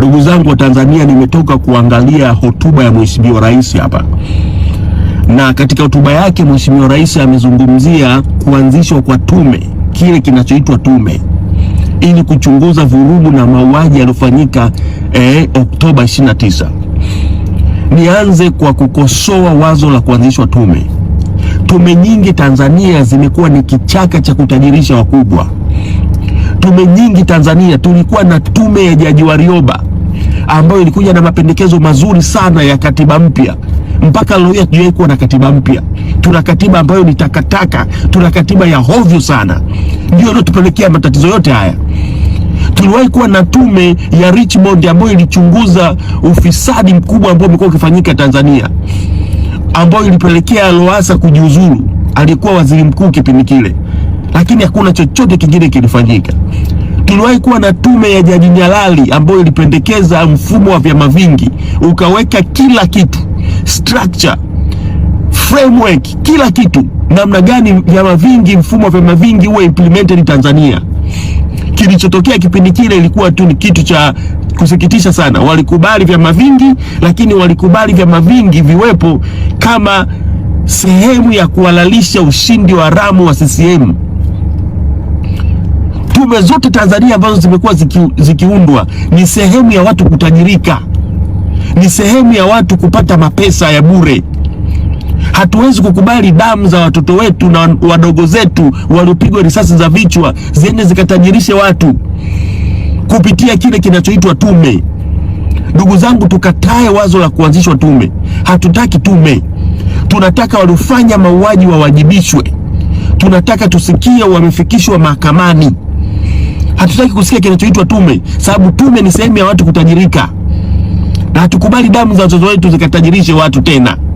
Ndugu zangu wa Tanzania, nimetoka kuangalia hotuba ya Mheshimiwa Rais hapa, na katika hotuba yake Mheshimiwa Rais amezungumzia kuanzishwa kwa tume, kile kinachoitwa tume ili kuchunguza vurugu na mauaji yaliyofanyika eh, Oktoba 29. Nianze kwa kukosoa wazo la kuanzishwa tume. Tume nyingi Tanzania zimekuwa ni kichaka cha kutajirisha wakubwa. Tume nyingi Tanzania, tulikuwa na tume ya Jaji Warioba ambayo ilikuja na mapendekezo mazuri sana ya katiba mpya mpaka leo hatujawahi kuwa na katiba mpya. Tuna katiba ambayo ni takataka, tuna katiba ya hovyo sana, ndio iliyotupelekea matatizo yote haya. Tuliwahi kuwa na tume ya Richmond ambayo ilichunguza ufisadi mkubwa ambao umekuwa ukifanyika Tanzania, ambayo ilipelekea Lowassa kujiuzuru, aliyekuwa waziri mkuu kipindi kile, lakini hakuna chochote kingine kilifanyika tuliwahi kuwa na tume ya Jaji Nyalali ambayo ilipendekeza mfumo wa vyama vingi, ukaweka kila kitu, structure, framework, kila kitu, namna gani vyama vingi, mfumo wa vyama vingi uwe implemented Tanzania. Kilichotokea kipindi kile ilikuwa tu ni kitu cha kusikitisha sana. Walikubali vyama vingi, lakini walikubali vyama vingi viwepo kama sehemu ya kuhalalisha ushindi wa ramu wa CCM tume zote Tanzania ambazo zimekuwa ziki, zikiundwa ni sehemu ya watu kutajirika, ni sehemu ya watu kupata mapesa ya bure. Hatuwezi kukubali damu za watoto wetu na wadogo zetu waliopigwa risasi za vichwa ziende zikatajirishe watu kupitia kile kinachoitwa tume. Ndugu zangu, tukatae wazo la kuanzishwa tume. Hatutaki tume, tunataka waliofanya mauaji wawajibishwe. Tunataka tusikie wamefikishwa mahakamani. Hatutaki kusikia kinachoitwa tume, sababu tume ni sehemu ya watu kutajirika, na hatukubali damu za watoto wetu zikatajirishe watu tena.